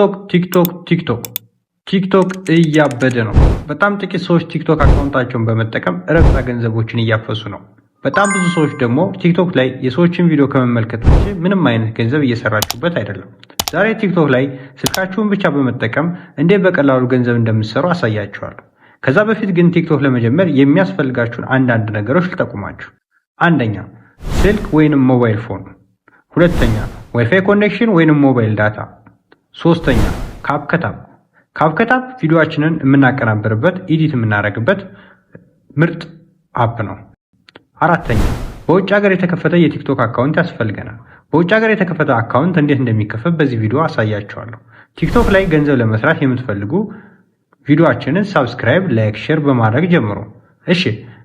ቲክቶክ ቲክቶክ ቲክቶክ ቲክቶክ እያበደ ነው። በጣም ጥቂት ሰዎች ቲክቶክ አካውንታቸውን በመጠቀም ረብጣ ገንዘቦችን እያፈሱ ነው። በጣም ብዙ ሰዎች ደግሞ ቲክቶክ ላይ የሰዎችን ቪዲዮ ከመመልከት ውጭ ምንም አይነት ገንዘብ እየሰራችሁበት አይደለም። ዛሬ ቲክቶክ ላይ ስልካችሁን ብቻ በመጠቀም እንዴት በቀላሉ ገንዘብ እንደምትሰሩ አሳያችኋለሁ። ከዛ በፊት ግን ቲክቶክ ለመጀመር የሚያስፈልጋችሁን አንዳንድ ነገሮች ልጠቁማችሁ። አንደኛ ስልክ ወይንም ሞባይል ፎን፣ ሁለተኛ ዋይፋይ ኮኔክሽን ወይንም ሞባይል ዳታ ሶስተኛ ካፕከታፕ ካፕከታፕ ቪዲዮችንን የምናቀናበርበት ኢዲት የምናደርግበት ምርጥ አፕ ነው። አራተኛ በውጭ ሀገር የተከፈተ የቲክቶክ አካውንት ያስፈልገናል። በውጭ ሀገር የተከፈተ አካውንት እንዴት እንደሚከፈት በዚህ ቪዲዮ አሳያችኋለሁ። ቲክቶክ ላይ ገንዘብ ለመስራት የምትፈልጉ ቪዲዮችንን ሳብስክራይብ፣ ላይክ፣ ሼር በማድረግ ጀምሮ እሺ፣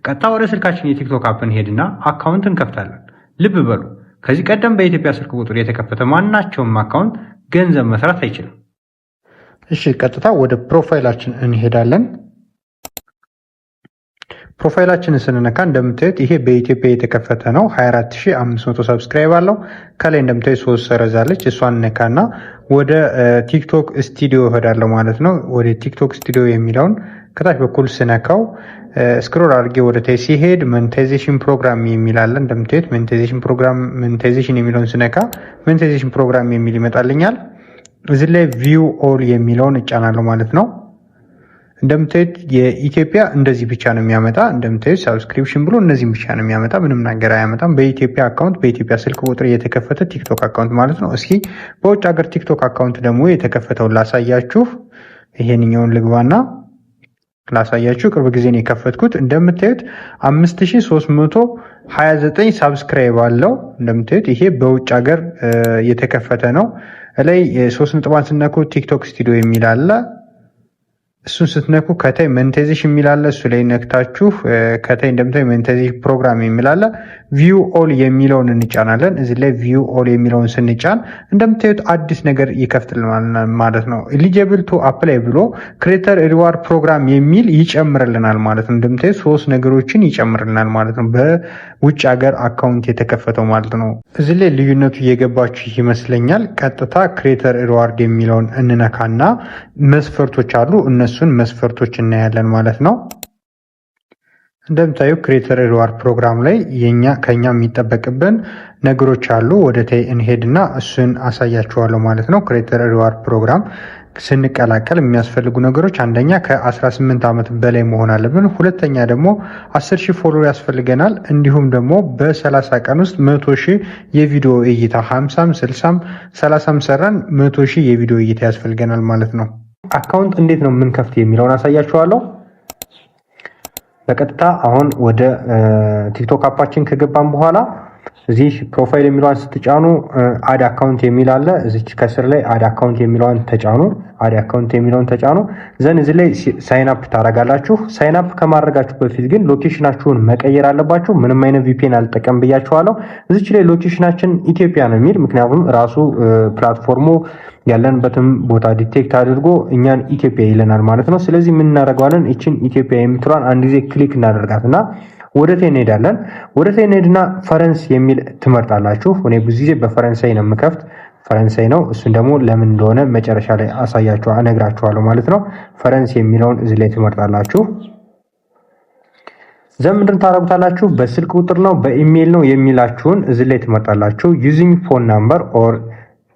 ቀጥታ ወደ ስልካችን የቲክቶክ አፕን ሄድና አካውንት እንከፍታለን። ልብ በሉ ከዚህ ቀደም በኢትዮጵያ ስልክ ቁጥር የተከፈተ ማናቸውም አካውንት ገንዘብ መስራት አይችልም። እሺ ቀጥታ ወደ ፕሮፋይላችን እንሄዳለን። ፕሮፋይላችንን ስንነካ እንደምታዩት ይሄ በኢትዮጵያ የተከፈተ ነው። 24500 ሰብስክራይብ አለው። ከላይ እንደምታዩት ሶስት ሰረዛለች። እሷን ነካና ወደ ቲክቶክ ስቱዲዮ እሄዳለሁ ማለት ነው። ወደ ቲክቶክ ስቱዲዮ የሚለውን ከታች በኩል ስነካው ስክሮል አድርጌ ወደ ታች ሲሄድ ሞኔታይዜሽን ፕሮግራም የሚል አለ። እንደምታዩት ሞኔታይዜሽን ፕሮግራም ሞኔታይዜሽን የሚለውን ስነካ ሞኔታይዜሽን ፕሮግራም የሚል ይመጣልኛል። እዚህ ላይ ቪው ኦል የሚለውን እጫናለሁ ማለት ነው። እንደምታዩት የኢትዮጵያ እንደዚህ ብቻ ነው የሚያመጣ። እንደምታዩት ሳብስክሪፕሽን ብሎ እነዚህም ብቻ ነው የሚያመጣ፣ ምንም ነገር አያመጣም። በኢትዮጵያ አካውንት በኢትዮጵያ ስልክ ቁጥር የተከፈተ ቲክቶክ አካውንት ማለት ነው። እስኪ በውጭ ሀገር ቲክቶክ አካውንት ደግሞ የተከፈተውን ላሳያችሁ። ይሄንኛውን ልግባና ላሳያችሁ ቅርብ ጊዜ ነው የከፈትኩት። እንደምታዩት 5329 ሳብስክራይብ አለው። እንደምታዩት ይሄ በውጭ ሀገር የተከፈተ ነው። ላይ ሶስት ነጥቧን ስነኩ ቲክቶክ ስቱዲዮ የሚል አለ። እሱን ስትነኩ ከታይ ሞኔታይዜሽ የሚላለ እሱ ላይ ነክታችሁ ከታይ እንደምታይ ሞኔታይዜሽን ፕሮግራም የሚላለ ቪው ኦል የሚለውን እንጫናለን። እዚህ ላይ ቪው ኦል የሚለውን ስንጫን እንደምታዩት አዲስ ነገር ይከፍትልናል ማለት ነው። ኤሊጀብል ቱ አፕላይ ብሎ ክሬተር ሪዋርድ ፕሮግራም የሚል ይጨምርልናል ማለት ነው። እንደምታዩት ሶስት ነገሮችን ይጨምርልናል ማለት ነው። በውጭ ሀገር አካውንት የተከፈተው ማለት ነው። እዚህ ላይ ልዩነቱ እየገባችሁ ይመስለኛል። ቀጥታ ክሬተር ሪዋርድ የሚለውን እንነካና መስፈርቶች አሉ እነሱ እነሱን መስፈርቶች እናያለን ማለት ነው። እንደምታዩ ክሬተር ሪዋርድ ፕሮግራም ላይ የኛ ከኛ የሚጠበቅብን ነገሮች አሉ። ወደ ታይ እንሄድና እሱን አሳያችኋለሁ ማለት ነው። ክሬተር ሪዋርድ ፕሮግራም ስንቀላቀል የሚያስፈልጉ ነገሮች አንደኛ ከ18 ዓመት በላይ መሆን አለብን። ሁለተኛ ደግሞ 10 ሺህ ፎሎ ያስፈልገናል። እንዲሁም ደግሞ በ30 ቀን ውስጥ 100 ሺህ የቪዲዮ እይታ 50ም 60ም 30ም ሰራን 100 ሺህ የቪዲዮ እይታ ያስፈልገናል ማለት ነው። አካውንት እንዴት ነው የምንከፍት የሚለውን አሳያችኋለሁ። በቀጥታ አሁን ወደ ቲክቶክ አፓችን ከገባን በኋላ እዚህ ፕሮፋይል የሚለዋን ስትጫኑ አድ አካውንት የሚል አለ። እዚች ከስር ላይ አድ አካውንት የሚለዋን ተጫኑ። አድ አካውንት የሚለውን ተጫኑ። ዘን እዚህ ላይ ሳይንአፕ ታደርጋላችሁ። ሳይንአፕ ከማድረጋችሁ በፊት ግን ሎኬሽናችሁን መቀየር አለባችሁ። ምንም አይነት ቪፒን አልጠቀም ብያችኋለሁ። እዚች ላይ ሎኬሽናችን ኢትዮጵያ ነው የሚል ምክንያቱም ራሱ ፕላትፎርሙ ያለንበትም ቦታ ዲቴክት አድርጎ እኛን ኢትዮጵያ ይለናል ማለት ነው። ስለዚህ ምን እናደርገዋለን? ይችን ኢትዮጵያ የምትሏን አንድ ጊዜ ክሊክ እናደርጋት እና ወደ ቴ እንሄዳለን። ወደ ቴ እንሄድና ፈረንስ የሚል ትመርጣላችሁ። እኔ ብዙ ጊዜ በፈረንሳይ ነው የምከፍት፣ ፈረንሳይ ነው። እሱን ደግሞ ለምን እንደሆነ መጨረሻ ላይ አሳያችኋ እነግራችኋለሁ ማለት ነው። ፈረንስ የሚለውን እዚህ ላይ ትመርጣላችሁ። ዘምድን ታረጉታላችሁ። በስልክ ቁጥር ነው በኢሜይል ነው የሚላችሁን እዚህ ላይ ትመርጣላችሁ። ዩዚንግ ፎን ናምበር ኦር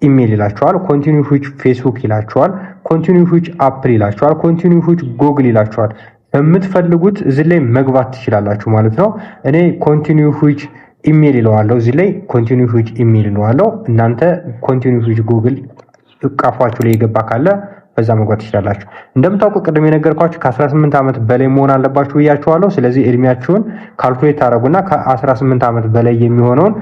ኢሜይል ይላችኋል። ኮንቲኒ ዊች ፌስቡክ ይላችኋል። ኮንቲኒ ዊች አፕል ይላችኋል። ኮንቲኒ ዊች ጉግል ይላችኋል። በምትፈልጉት እዚህ ላይ መግባት ትችላላችሁ ማለት ነው። እኔ ኮንቲኒው ዊች ኢሜል ይለዋለው እዚህ ላይ ኮንቲኒው ዊች ኢሜል ይለዋለው። እናንተ ኮንቲኒው ዊች ጉግል እቃፏችሁ ላይ የገባ ካለ በዛ መግባት ትችላላችሁ። እንደምታውቁ ቅድም የነገርኳችሁ ከ18 ዓመት በላይ መሆን አለባችሁ ብያችኋለሁ። ስለዚህ እድሜያችሁን ካልኩሌት ታደረጉና ከ18 ዓመት በላይ የሚሆነውን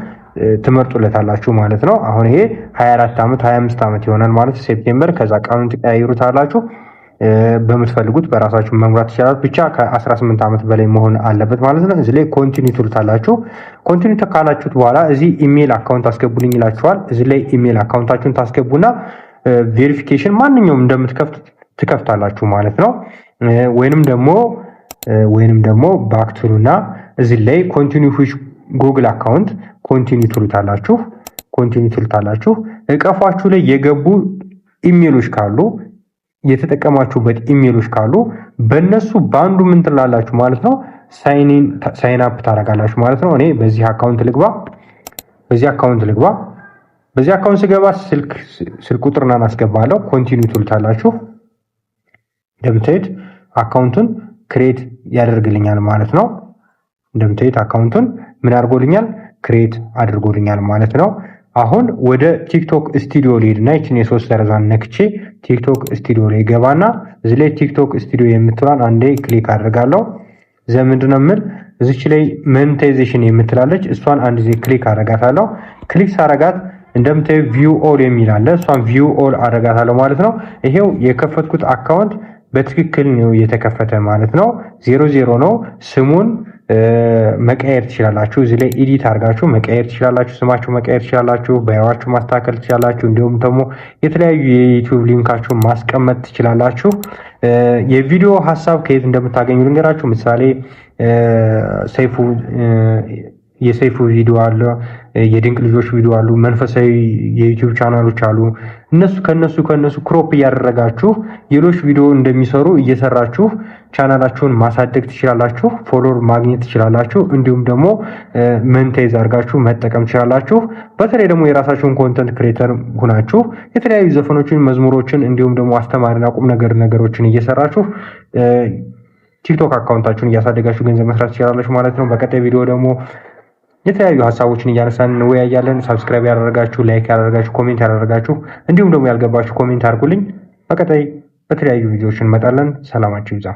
ትመርጡለታላችሁ ማለት ነው። አሁን ይሄ 24 ዓመት 25 ዓመት ይሆናል ማለት ሴፕቴምበር። ከዛ ቀኑን ትቀያይሩታላችሁ። በምትፈልጉት በራሳችሁ መምራት ይችላል። ብቻ ከ18 ዓመት በላይ መሆን አለበት ማለት ነው። እዚህ ላይ ኮንቲኒ ትሉታላችሁ። ኮንቲኒ ካላችሁት በኋላ እዚህ ኢሜይል አካውንት አስገቡልኝ ይላችኋል። እዚ ላይ ኢሜይል አካውንታችሁን ታስገቡና ቬሪፊኬሽን ማንኛውም እንደምትከፍት ትከፍታላችሁ ማለት ነው። ወይንም ደግሞ ወይንም ደግሞ ባክትሉና እዚ ላይ ኮንቲኒ ጉግል አካውንት ኮንቲኒ ትሉታላችሁ። ኮንቲኒ ትሉታላችሁ። እቀፏችሁ ላይ የገቡ ኢሜይሎች ካሉ የተጠቀማችሁበት ኢሜሎች ካሉ በእነሱ በአንዱ ምን ትላላችሁ ማለት ነው፣ ሳይን አፕ ታደርጋላችሁ ማለት ነው። እኔ በዚህ አካውንት ልግባ፣ በዚህ አካውንት ልግባ። በዚህ አካውንት ስገባ ስልክ ስልክ ቁጥርና ኮንቲኒ ኮንቲኒው ትሉታላችሁ። እንደምታዩት አካውንቱን ክሬት ያደርግልኛል ማለት ነው። እንደምታዩት አካውንቱን ምን አድርጎልኛል? ክሬት አድርጎልኛል ማለት ነው። አሁን ወደ ቲክቶክ ስቱዲዮ ልሄድና ይችን የሶስት ሰረዛን ነክቼ ቲክቶክ ስቱዲዮ ላይ ገባና እዚህ ላይ ቲክቶክ ስቱዲዮ የምትሏን አንዴ ክሊክ አድርጋለሁ። ዘምንድን ነው የምል እዚች ላይ ሞኔታይዜሽን የምትላለች እሷን አንድ ጊዜ ክሊክ አረጋታለሁ። ክሊክ ሳረጋት እንደምታዩ ቪው ኦል የሚል አለ። እሷን ቪው ኦል አረጋታለሁ ማለት ነው። ይሄው የከፈትኩት አካውንት በትክክል ነው የተከፈተ ማለት ነው። ዜሮ ዜሮ ነው ስሙን መቀየር ትችላላችሁ። እዚህ ላይ ኤዲት አድርጋችሁ መቀየር ትችላላችሁ። ስማችሁ መቀየር ትችላላችሁ። በያዋችሁ ማስተካከል ትችላላችሁ። እንዲሁም ደግሞ የተለያዩ የዩቲዩብ ሊንካችሁን ማስቀመጥ ትችላላችሁ። የቪዲዮ ሀሳብ ከየት እንደምታገኙ ልንገራችሁ። ምሳሌ ሰይፉ የሰይፉ ቪዲዮ አለ፣ የድንቅ ልጆች ቪዲዮ አሉ፣ መንፈሳዊ የዩቲዩብ ቻናሎች አሉ። እነሱ ከነሱ ከነሱ ክሮፕ እያደረጋችሁ ሌሎች ቪዲዮ እንደሚሰሩ እየሰራችሁ ቻናላችሁን ማሳደግ ትችላላችሁ፣ ፎሎር ማግኘት ትችላላችሁ። እንዲሁም ደግሞ መንታይዝ አድርጋችሁ መጠቀም ትችላላችሁ። በተለይ ደግሞ የራሳችሁን ኮንተንት ክሬተር ሁናችሁ የተለያዩ ዘፈኖችን፣ መዝሙሮችን እንዲሁም ደግሞ አስተማሪና ቁም ነገር ነገሮችን እየሰራችሁ ቲክቶክ አካውንታችሁን እያሳደጋችሁ ገንዘብ መስራት ትችላላችሁ ማለት ነው። በቀጣይ ቪዲዮ ደግሞ የተለያዩ ሀሳቦችን እያነሳን እንወያያለን። ሳብስክራይብ ያደረጋችሁ፣ ላይክ ያደረጋችሁ፣ ኮሜንት ያደረጋችሁ እንዲሁም ደግሞ ያልገባችሁ ኮሜንት አድርጉልኝ። በቀጣይ በተለያዩ ቪዲዮዎች እንመጣለን። ሰላማችሁ ይብዛ።